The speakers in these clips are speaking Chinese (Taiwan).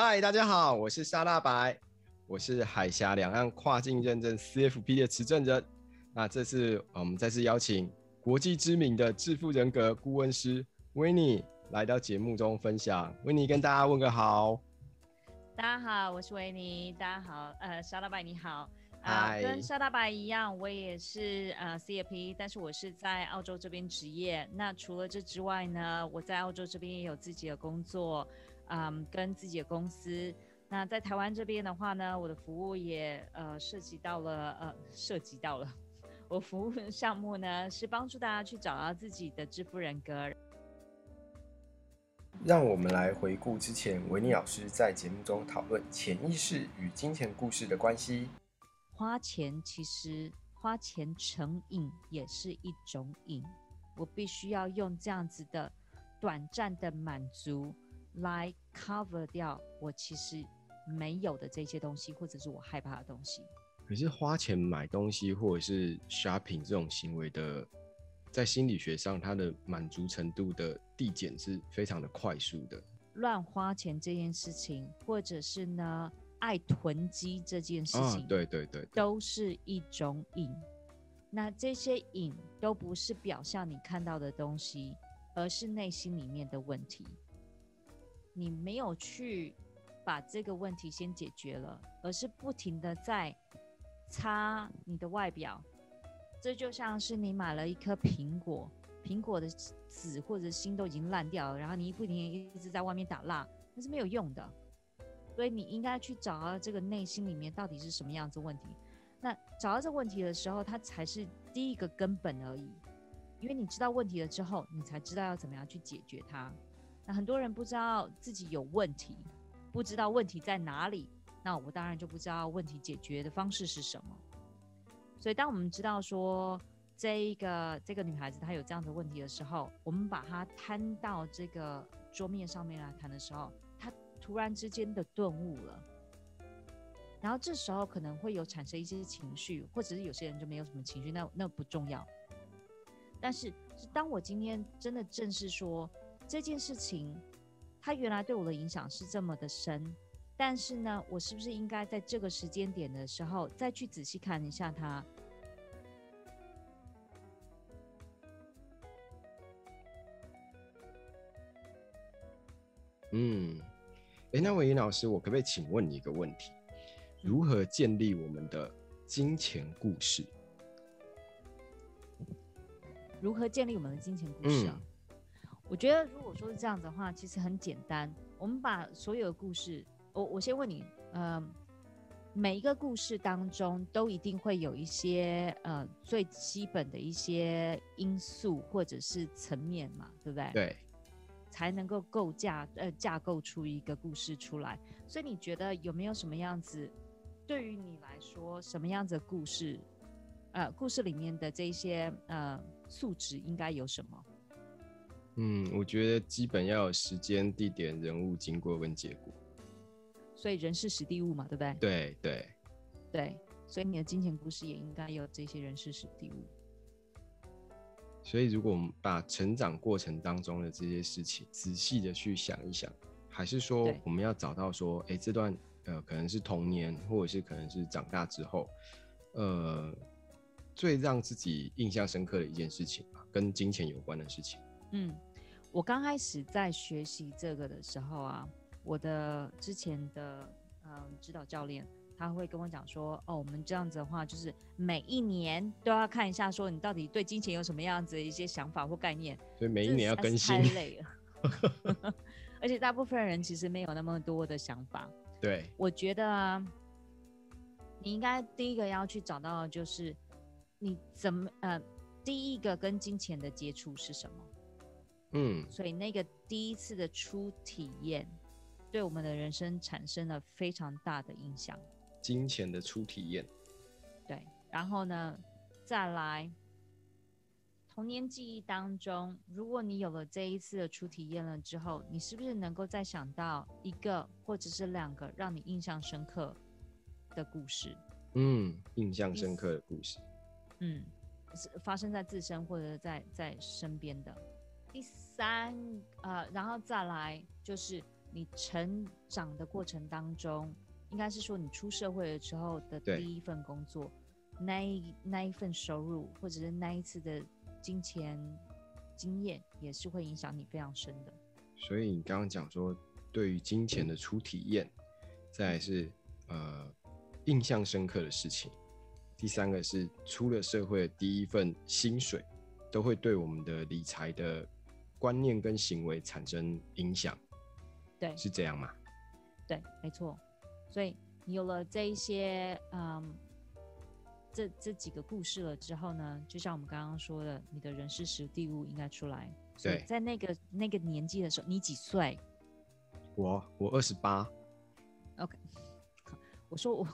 嗨，Hi, 大家好，我是沙大白，我是海峽兩岸跨境認證 CFP 的持證人。那這次我們再次邀請國際知名的致富人格顧問師維妮來到節目中分享。維妮 跟大家問個好。大家好，我是維妮。大家好，呃，沙大白你好。嗨 Hi、呃。跟沙大白一樣，我也是呃 CFP，但是我是在澳洲這邊職業。那除了這之外呢，我在澳洲這邊也有自己的工作。Um, 跟自己的公司。那在台灣這邊的話呢，我的服務也呃涉及到了呃涉及到了。我服務的項目呢是幫助大家去找到自己的致富人格。讓我們來回顧之前維妮老師在節目中討論潛意識與金錢故事的關係。花錢，其實花錢成癮也是一種癮，我必須要用這樣子的短暫的滿足，來 cover 掉我其實沒有的這些東西，或者是我害怕的東西。可是花錢買東西或者是 shopping 這種行為的，在心理學上，它的滿足程度的遞減是非常的快速的。亂花錢這件事情，或者是呢，愛囤積這件事情，哦、對，對對對，都是一種癮。那這些癮都不是表象，你看到的東西，而是內心裡面的問題。你沒有去把這個問題先解決了，而是不停的在擦你的外表，這就像是你買了一顆蘋果，蘋果的籽或者心都已經爛掉了，然後你一不停地一直在外面打蠟，那是沒有用的。所以你應該去找到這個內心裡面到底是什麼樣子問題，那找到這個問題的時候，它才是第一個根本而已，因為你知道問題了之後，你才知道要怎麼樣去解決它。那很多人不知道自己有問題，不知道問題在哪裡，那我當然就不知道問題解決的方式是什麼。所以，當我們知道說這一個這個女孩子她有這樣的問題的時候，我們把她攤到這個桌面上面來談的時候，她突然之間的頓悟了。然後這時候可能會有產生一些情緒，或者是有些人就沒有什麼情緒，那那不重要。但是，是當我今天真的正式說。這件事情，它原來對我的影響是這麼的深，但是呢，我是不是應該在這個時間點的時候再去仔細看一下它？嗯，哎，那維妮老師，我可不可以請問你一個問題：嗯、如何建立我們的金錢故事，嗯？如何建立我們的金錢故事啊？嗯我覺得，如果說是這樣的話，其實很簡單。我們把所有的故事，我我先問你，嗯、呃，每一個故事當中都一定會有一些呃最基本的一些因素或者是層面嘛，對不對？對，才能夠構架呃架構出一個故事出來。所以你覺得有沒有什麼樣子？對於你來說，什麼樣子的故事？呃，故事裡面的這些呃素質應該有什麼？嗯，我覺得基本要有時間、地點、人物、經過跟結果，所以人事時地物嘛，對不對？對對對，所以你的金錢故事也應該有這些人事時地物。所以如果我們把成長過程當中的這些事情仔細的去想一想，還是說我們要找到說，哎對，這段呃可能是童年，或者是可能是長大之後，呃，最讓自己印象深刻的一件事情，跟金錢有關的事情，嗯。我剛開始在學習這個的時候啊，我的之前的嗯、呃、指導教練他會跟我講說，哦，我們這樣子的話，就是每一年都要看一下，說你到底對金錢有什麼樣子的一些想法或概念。所以每一年要更新，就是還是太累了。 而且大部分人其實沒有那麼多的想法。對，我覺得、啊、你應該第一個要去找到的，就是你怎麼呃，第一個跟金錢的接觸是什麼。嗯，所以那個第一次的初體驗，對我們的人生產生了非常大的影響。金錢的初體驗，對。然後呢，再來童年記憶當中，如果你有了這一次的初體驗了之後，你是不是能夠再想到一個或者是兩個讓你印象深刻的故事？嗯，印象深刻的故事。嗯，是發生在自身或者在在身邊的。第三，呃，然後再來就是你成長的過程當中，應該是說你出社會的時候的第一份工作，對那一那一份收入或者是那一次的金錢經驗，也是會影響你非常深的。所以你剛剛講說，對於金錢的初體驗，再來是呃印象深刻的事情，第三個是出了社會的第一份薪水，都會對我們的理財的。觀念跟行為產生影響，對，是這樣嗎？對，沒錯。所以你有了這一些，嗯，這這幾個故事了之後呢，就像我們剛剛說的，你的人事時地物應該出來。對，在那個那個年紀的時候，你幾歲？我我二十八。OK，我說我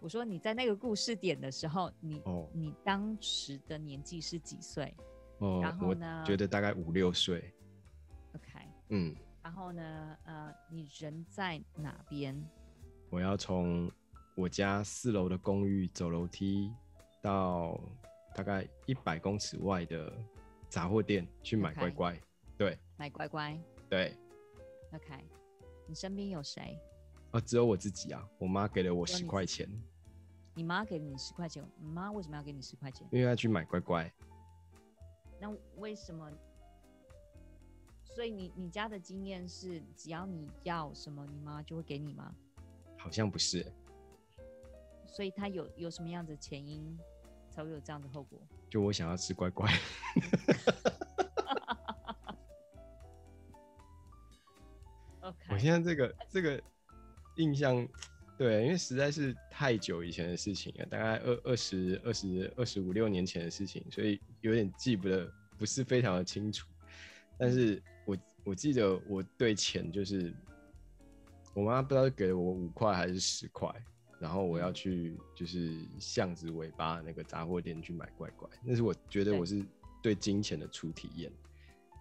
我說你在那個故事點的時候，你、oh. 你當時的年紀是幾歲？哦，然後呢，我覺得大概五六歲。OK，嗯。然後呢，呃，你人在哪邊？我要從我家四樓的公寓走樓梯到大概一百公尺外的雜貨店去買乖乖。OK。對，買乖乖。對。OK，你身邊有誰？啊、呃，只有我自己啊。我媽給了我十塊錢。你，你媽給了你十塊錢？你媽為什麼要給你十塊錢？因為要去買乖乖。那為什麼？所以你你家的經驗是，只要你要什麼，你媽就會給你嗎？好像不是。所以他有有什麼樣子的前因，才會有這樣的後果？就我想要吃乖乖。 OK。我現在這個這個印象。對，因為實在是太久以前的事情了，大概二二十二十二十五六年前的事情，所以有點記不得，不是非常的清楚。但是我我記得我對錢就是，我媽不知道給了我五塊還是十塊，然後我要去就是巷子尾巴那個雜貨店去買乖乖，那是我覺得我是對金錢的初體驗，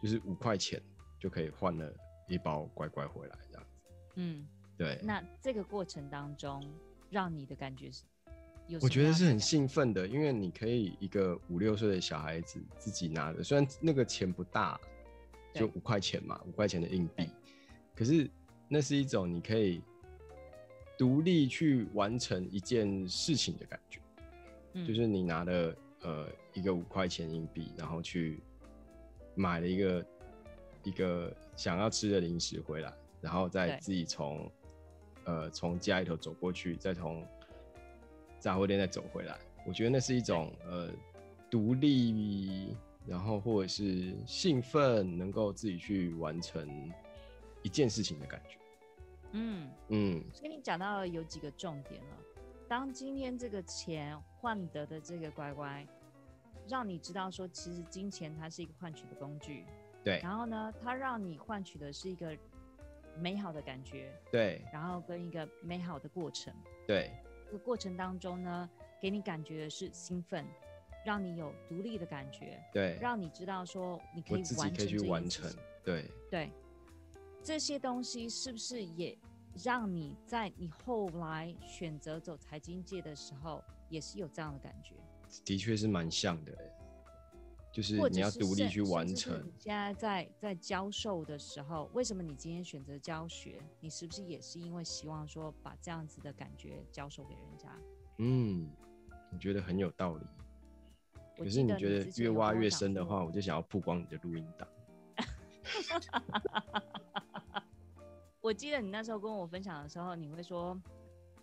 對就是五塊錢就可以換了一包乖乖回來這樣子，嗯。對，那這個過程當中，讓你的感覺是有什麼？我覺得是很興奮的，因為你可以一個五六歲的小孩子自己拿的，雖然那個錢不大，就五塊錢嘛，五塊對錢的硬幣，對可是那是一種你可以獨立去完成一件事情的感覺，嗯、就是你拿了呃一個五塊錢硬幣，然後去買了一個一個想要吃的零食回來，然後再自己從。呃，從家裡頭走過去，再從雜貨店再走回來，我覺得那是一種對呃獨立，然後或者是興奮，能夠自己去完成一件事情的感覺。嗯嗯，嗯跟你講到有幾個重點了啊。當今天這個錢換得的這個乖乖，讓你知道說，其實金錢它是一個換取的工具。對。然後呢，它讓你換取的是一個。.美好的感覺，對，然後跟一個美好的過程，對，這個過程當中呢，給你感覺的是興奮，讓你有獨立的感覺，對，讓你知道說你可以，可以完成，可以去完成，對，對，這些東西是不是也讓你在你後來選擇走財經界的時候，也是有這樣的感覺？的確是蠻像的。就是你要獨立去完成。現在在在教授的時候，為什麼你今天選擇教學？你是不是也是因為希望說把這樣子的感覺教授給人家？嗯，你覺得很有道理。可是你覺得越挖越深的話，我，我就想要曝光你的錄音檔。 我記得你那時候跟我分享的時候，你會說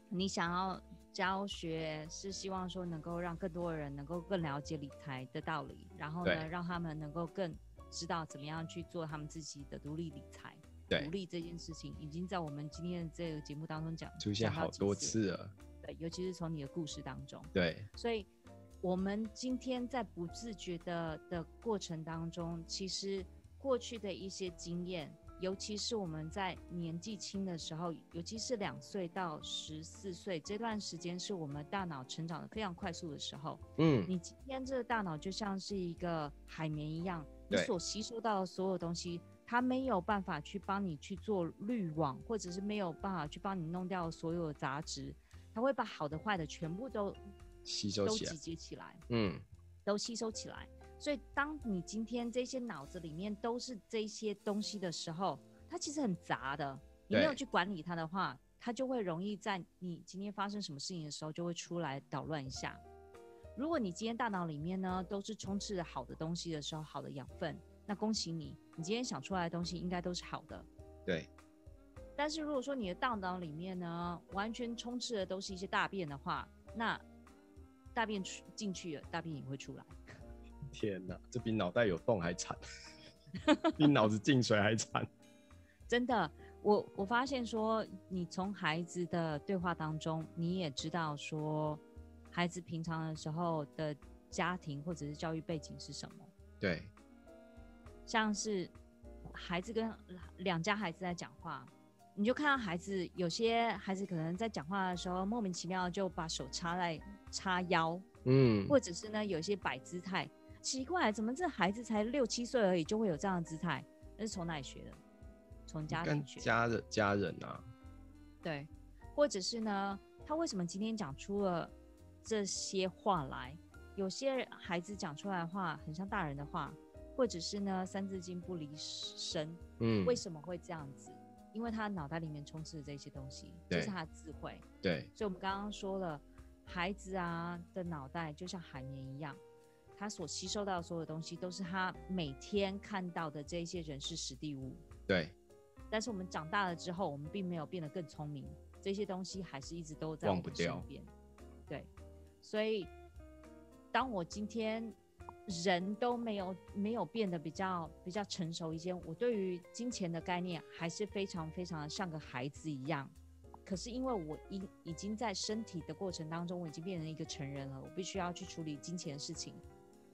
你想要。教學是希望說能夠讓更多人能夠更了解理財的道理，然後呢，對讓他們能夠更知道怎麼樣去做他們自己的獨立理財。獨立對這件事情已經在我們今天的這個節目當中講出現好多次了。對，尤其是從你的故事當中。對，所以我們今天在不自覺的的過程當中，其實過去的一些經驗。尤其是我們在年紀輕的時候，尤其是兩歲到十四歲這段時間，是我們大腦成長的非常快速的時候。嗯，你今天這個大腦就像是一個海綿一樣，對你所吸收到的所有東西，它沒有辦法去幫你去做濾網，或者是沒有辦法去幫你弄掉所有雜質，它會把好的壞的全部都吸收、都集結起來，嗯，都吸收起來。所以，當你今天這些腦子裡面都是這些東西的時候，它其實很雜的。你沒有去管理它的話，對它就會容易在你今天發生什麼事情的時候就會出來搗亂一下。如果你今天大腦裡面呢都是充斥着好的東西的時候，好的養分，那恭喜你，你今天想出來的東西應該都是好的。對。但是如果說你的大腦裡面呢完全充斥的都是一些大便的話，那大便進去了，大便也會出來。天哪，這比腦袋有洞還慘，比腦子進水還慘。 真的，我我發現說，你從孩子的對話當中，你也知道說，孩子平常的時候的家庭或者是教育背景是什麼？對，像是孩子跟兩家孩子在講話，你就看到孩子有些孩子可能在講話的時候，莫名其妙就把手插在插腰，嗯，或者是呢，有一些擺姿態。奇怪，怎麼這孩子才六七歲而已就會有這樣的姿態？那是從哪裡學的？從家人學的。家人家人啊。對，或者是呢？他為什麼今天講出了這些話來？有些孩子講出來的話很像大人的話，或者是呢？三字經不離身。嗯。為什麼會這樣子？因為他的腦袋裡面充斥着這些東西，這，對，是他的智慧。對。所以我們剛剛說了，孩子啊的腦袋就像海綿一樣。他所吸收到的所有東西，都是他每天看到的這一些人事時地物。對。但是我們長大了之後，我們並沒有變得更聰明，這些東西還是一直都在我身邊。對。所以，當我今天人都沒有沒有變得比較比較成熟一些，我對於金錢的概念還是非常非常的像個孩子一樣。可是因為我已已經在身體的過程當中，我已經變成一個成人了，我必須要去處理金錢的事情。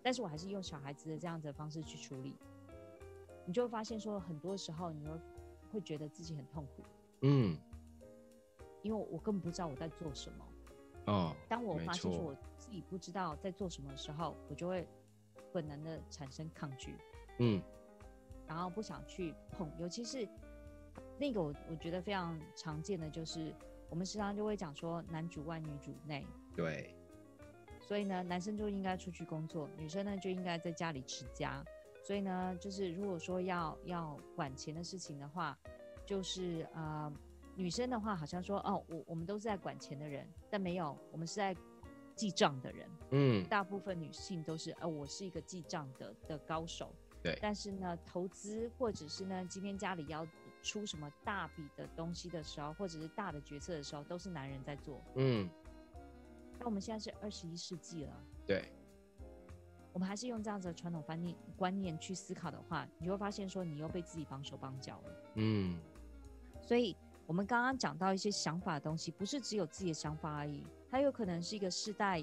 但是我還是用小孩子的這樣子的方式去處理，你就會發現說，很多時候你會會覺得自己很痛苦，嗯，因為我根本不知道我在做什麼，哦，當我發現說我自己不知道在做什麼的時候，我就會本能的產生抗拒，嗯，然後不想去碰，尤其是那個我我覺得非常常見的就是，我們時常就會講說男主外女主內，對。所以呢，男生就應該出去工作，女生呢就應該在家裡持家。所以呢，就是如果說要要管錢的事情的話，就是啊、呃，女生的話好像說哦，我我們都是在管錢的人，但沒有，我們是在記賬的人。嗯。大部分女性都是，哦，我是一個記賬的的高手。對。但是呢，投資或者是呢，今天家裡要出什麼大筆的東西的時候，或者是大的決策的時候，都是男人在做。嗯。那我們現在是二十一世紀了，對，我們還是用這樣子的傳統觀念觀念去思考的話，你就會發現說你又被自己綁手綁腳了。嗯，所以我們剛剛講到一些想法的東西，不是只有自己的想法而已，它有可能是一個世代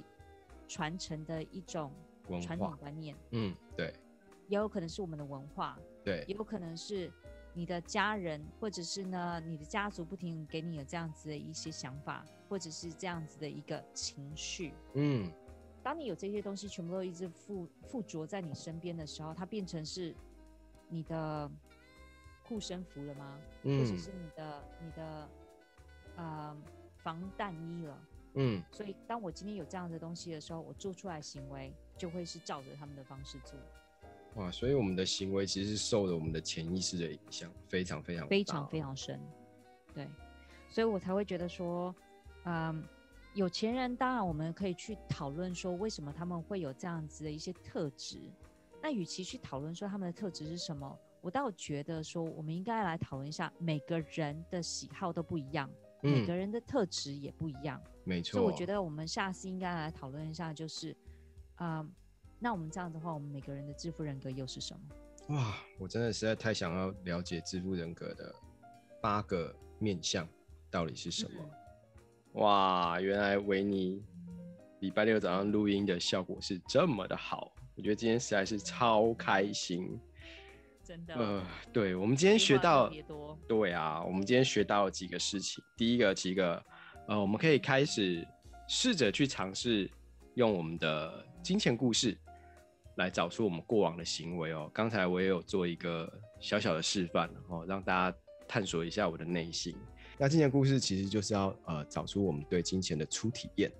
傳承的一種傳統觀念。嗯，對，也有可能是我們的文化。對，也有可能是。你的家人，或者是呢，你的家族不停給你有這樣子的一些想法，或者是這樣子的一個情緒。嗯，當你有這些東西全部都一直附附着在你身邊的時候，它變成是你的護身符了嗎？嗯，或者是你的你的、呃、防彈衣了？嗯，所以當我今天有這樣的東西的時候，我做出來行為就會是照着他們的方式做。哇，所以我們的行為其實是受了我們的潛意識的影響，非常非常非常非常深。對，所以我才會覺得說，嗯，有錢人當然我們可以去討論說，為什麼他們會有這樣子的一些特質。那與其去討論說他們的特質是什麼，我倒覺得說我們應該來討論一下，每個人的喜好都不一樣，嗯、每個人的特質也不一樣。沒錯。所以我覺得我們下次應該來討論一下，就是，嗯。那我們這樣的話，我們每個人的致富人格又是什麼？哇，我真的實在太想要了解致富人格的八個面向到底是什麼？嗯哼。哇，原來維妮禮拜六早上錄音的效果是這麼的好，我覺得今天實在是超開心。真的？呃，對，我們今天學到，別多對啊，我們今天學到幾個事情。第一個，幾個，呃，我們可以開始試着去嘗試用我們的金錢故事來找出我們過往的行為哦。剛才我也有做一個小小的示範，然後讓大家探索一下我的內心。那金錢故事其實就是要呃找出我們對金錢的初體驗。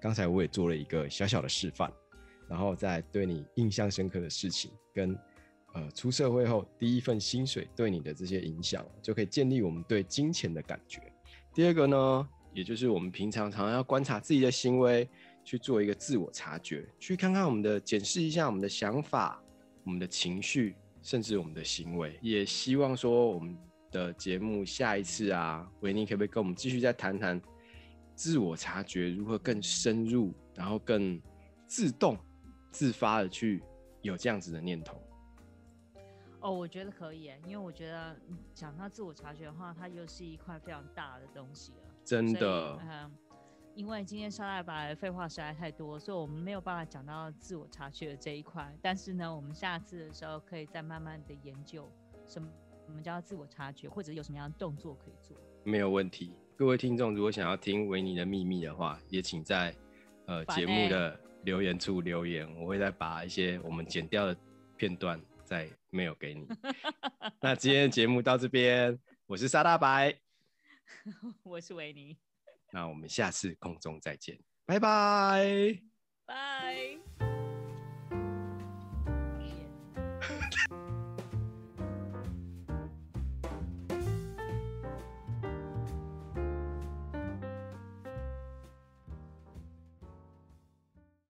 剛才我也做了一個小小的示範，然後再對你印象深刻的事情跟呃出社會後第一份薪水對你的這些影響，就可以建立我們對金錢的感覺。第二個呢，也就是我們平常常常要觀察自己的行為。去做一個自我察覺，去看看我們的檢視一下我們的想法、我們的情緒，甚至我們的行為。也希望說我們的節目下一次啊，維妮可不可以跟我們繼續再談談自我察覺如何更深入，然後更自動自發地去有這樣子的念頭？哦，我覺得可以欸，因為我覺得講到自我察覺的話，它又是一塊非常大的東西了，真的，因為今天沙大白廢話實在太多，所以我們沒有辦法講到自我察覺的這一塊。但是呢，我們下次的時候可以再慢慢的研究什麼我們叫自我察覺，或者有什麼樣的動作可以做。沒有問題。各位聽眾如果想要聽維妮的祕密的話，也請在呃節 Bye 目的留言處留言，我會再把一些我們剪掉的片段再 mail 給你。 那今天的節目到這邊，我是沙大白， 我是維妮。那我們下次空中再見，拜拜，拜。